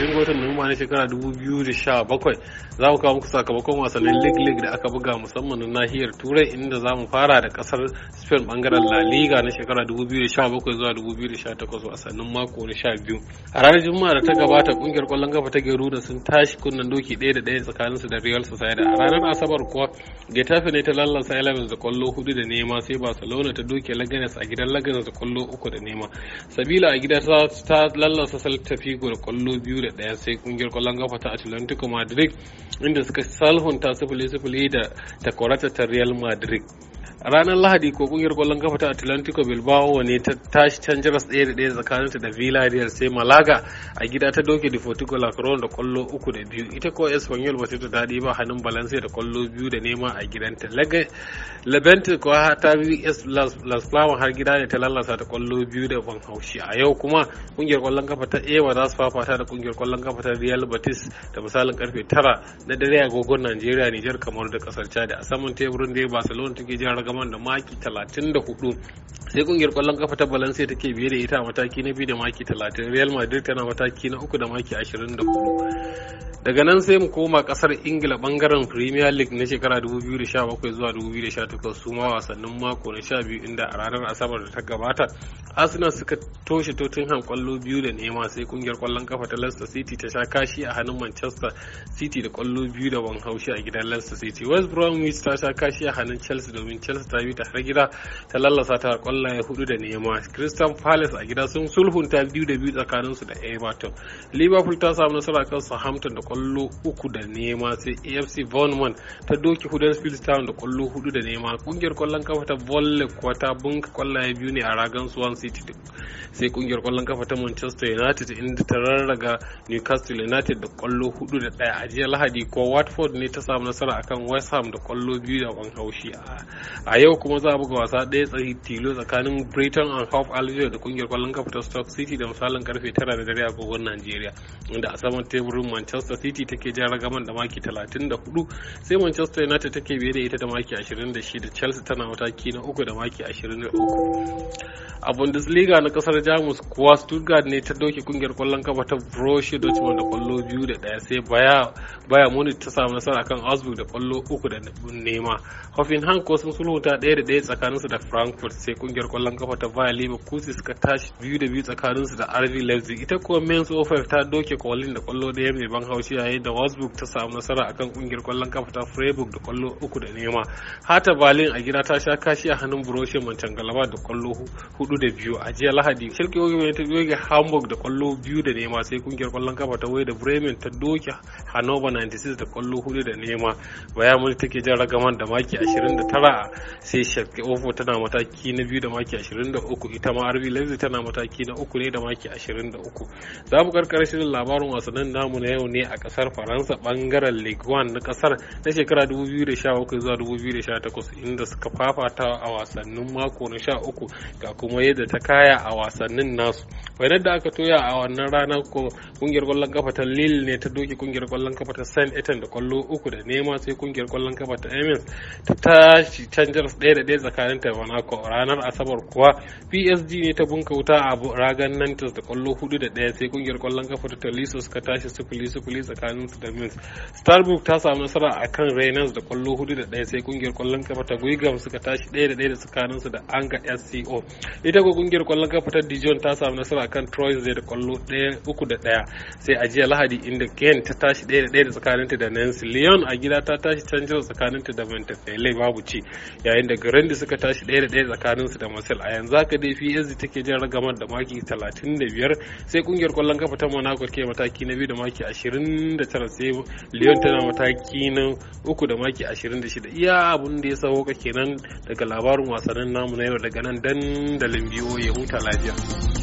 ashirin ga watan Nuwamba na shekara 2017 za mu kawo muku sakamakon wasannin League League da aka buga musamman na nahiyar Turai inda za mu fara da kasar Spain bangaren La Liga na shekara 2017 zuwa 2018 wasannin mako na 12. A ranar Juma'a da ta gabata kungiyar kwallon kafa ta da sun tashi kunnen doki ɗaya da ɗaya su da Real da A ranar Asabar kuwa Getafe ne ta lallasa Eleven da kwallo hudu da nema sai Barcelona ta doke laganes a gidan laganes da kwallo uku da nema. Sabila a gida ta lallasa Celta Figo da kwallo biyu da da ɗaya sai kungiyar kwallon kafa ta Atlantico Madrid inda suka salhunta sifili sifili da takwarata ta Real Madrid. ranar lahadi ko kungiyar kwallon kafa ta atlantico bilbao ne ta tashi can jaras ɗaya da ɗaya tsakaninta da villarreal sai malaga a gida ta doke deportivo la da kwallo uku da biyu ita ko espanyol ba ta daɗi ba hannun valencia da kwallo biyu da nema a gidanta labente ko ta bi las plawan har gida ne ta lalasa da kwallo biyu da ban haushi a yau kuma kungiyar kwallon kafa ta ewa za su fafata da kungiyar kwallon kafa ta real batis da misalin karfe tara na dare agogon najeriya nijar kamar da kasar chad a saman teburin da barcelona take jihar gaman da maki 34 sai kungiyar kwallon kafa ta balance take biye da ita mataki na biyu da maki 30 Real Madrid tana mataki na uku da maki 24 daga nan sai mu koma kasar ingila bangaren premier league na shekara 2017 zuwa 2018 su ma wasannin mako na 12 inda a ranar asabar da ta gabata arsenal suka toshe tottenham kwallo biyu da nema sai kungiyar kwallon kafa ta leicester city ta sha kashi a hannun manchester city da kwallo biyu da ban haushi a gidan leicester city west bromwich ta sha kashi a hannun chelsea domin chelsea ta bi ta har gida ta lallasa ta kwallaye hudu da nema crystal palace a gida sun sulhunta biyu da biyu tsakaninsu da everton liverpool ta samu nasara kan southampton da kwallo uku da nema sai afc vonman ta doki huddersfield town da kwallo hudu da nema kungiyar kwallon kafa ta volley kuwa ta bunka kwallaye biyu ne a ragan swansea city sai kungiyar kwallon kafa ta manchester united inda ta rarraga newcastle united da kwallo hudu da daya a jiya lahadi ko watford ne ta samu nasara akan west ham da kwallo biyu da ban haushi a yau kuma za a buga wasa daya tsari tilo tsakanin brighton and hove albion da kungiyar kwallon kafa ta stoke city da misalin karfe tara da dare agogon nigeria inda a saman teburin manchester city take ja ragaman da maki 34 sai manchester united take biye da ita da maki 26 chelsea tana mataki na uku da maki 23 a bundesliga na kasar jamus kuwa stuttgart ne ta doke kungiyar kwallon kafa ta borussia dortmund da kwallo biyu da daya sai baya baya ta samu nasara akan augsburg da kwallo uku da nema hoffenheim ko sun sulhunta daya da daya tsakaninsu da frankfurt sai kungiyar kwallon kafa ta bayer leverkusen suka tashi biyu da biyu tsakaninsu da rv leipzig ita kuwa mainz 05 ta doke kwallon da kwallo daya mai ban haushi yayin da augsburg ta samu nasara akan kungiyar kwallon kafa ta freiburg da kwallo uku da nema hata berlin a gida ta sha kashi a hannun mancan galaba da kwallo hudu da biyu a jiya lahadi lahadi shirka united doke hamburg da kwallo biyu da nema sai kungiyar kwallon kafa ta waye da bremen ta doke hannover 96 da kwallo hudu da nema bayan mun take jan ragaman da maki 29 sai shirka ofo tana mataki na biyu da maki 23 ita ma rb leipzig tana mataki na uku ne da maki 23 za mu karkar shirin labarin wasannin namu na yau ne a kasar faransa bangaren ligue 1 na kasar na shekara 2017 zuwa 2018 inda suka fafata a wasannin mako na 13 ga kuma yadda ta kaya a wasannin nasu wainar da aka toya a wannan ranar ko kungiyar kwallon kafa ta lille ne ta doke kungiyar kwallon kafa ta saint etan da kwallo uku da nema sai kungiyar kwallon kafa ta emirates ta tashi changers ɗaya da ɗaya tsakanin ta monaco ranar asabar kuwa psg ne ta bunka wuta a ragan nantes da kwallo hudu da ɗaya sai kungiyar kwallon kafa ta taliso suka tashi sifili sifili tsakanin su da mins starbuck ta samu nasara a kan reynolds da kwallo hudu da ɗaya sai kungiyar kwallon kafa ta guigam suka tashi ɗaya da ɗaya da tsakanin su da anga sco ita ko kungiyar kwallon kafa fitar Dijon ta samu nasara kan Troy zai da kwallo ɗaya uku da ɗaya sai a jiya Lahadi inda Ken ta tashi ɗaya da ɗaya da tsakaninta da Nancy Leon a gida ta tashi can jira tsakaninta da Montpellier babu ci yayin da Grandi suka tashi ɗaya da ɗaya tsakaninsu da Marseille a yanzu haka dai PSG take jan ragamar da maki talatin da biyar sai kungiyar kwallon kafa ta Monaco ke mataki na biyu da maki ashirin da tara sai Leon tana mataki na uku da maki ashirin da shida iya abun da ya sauka kenan daga labarin wasannin namu na yau daga nan dandalin biyu ya huta lafiya Yeah.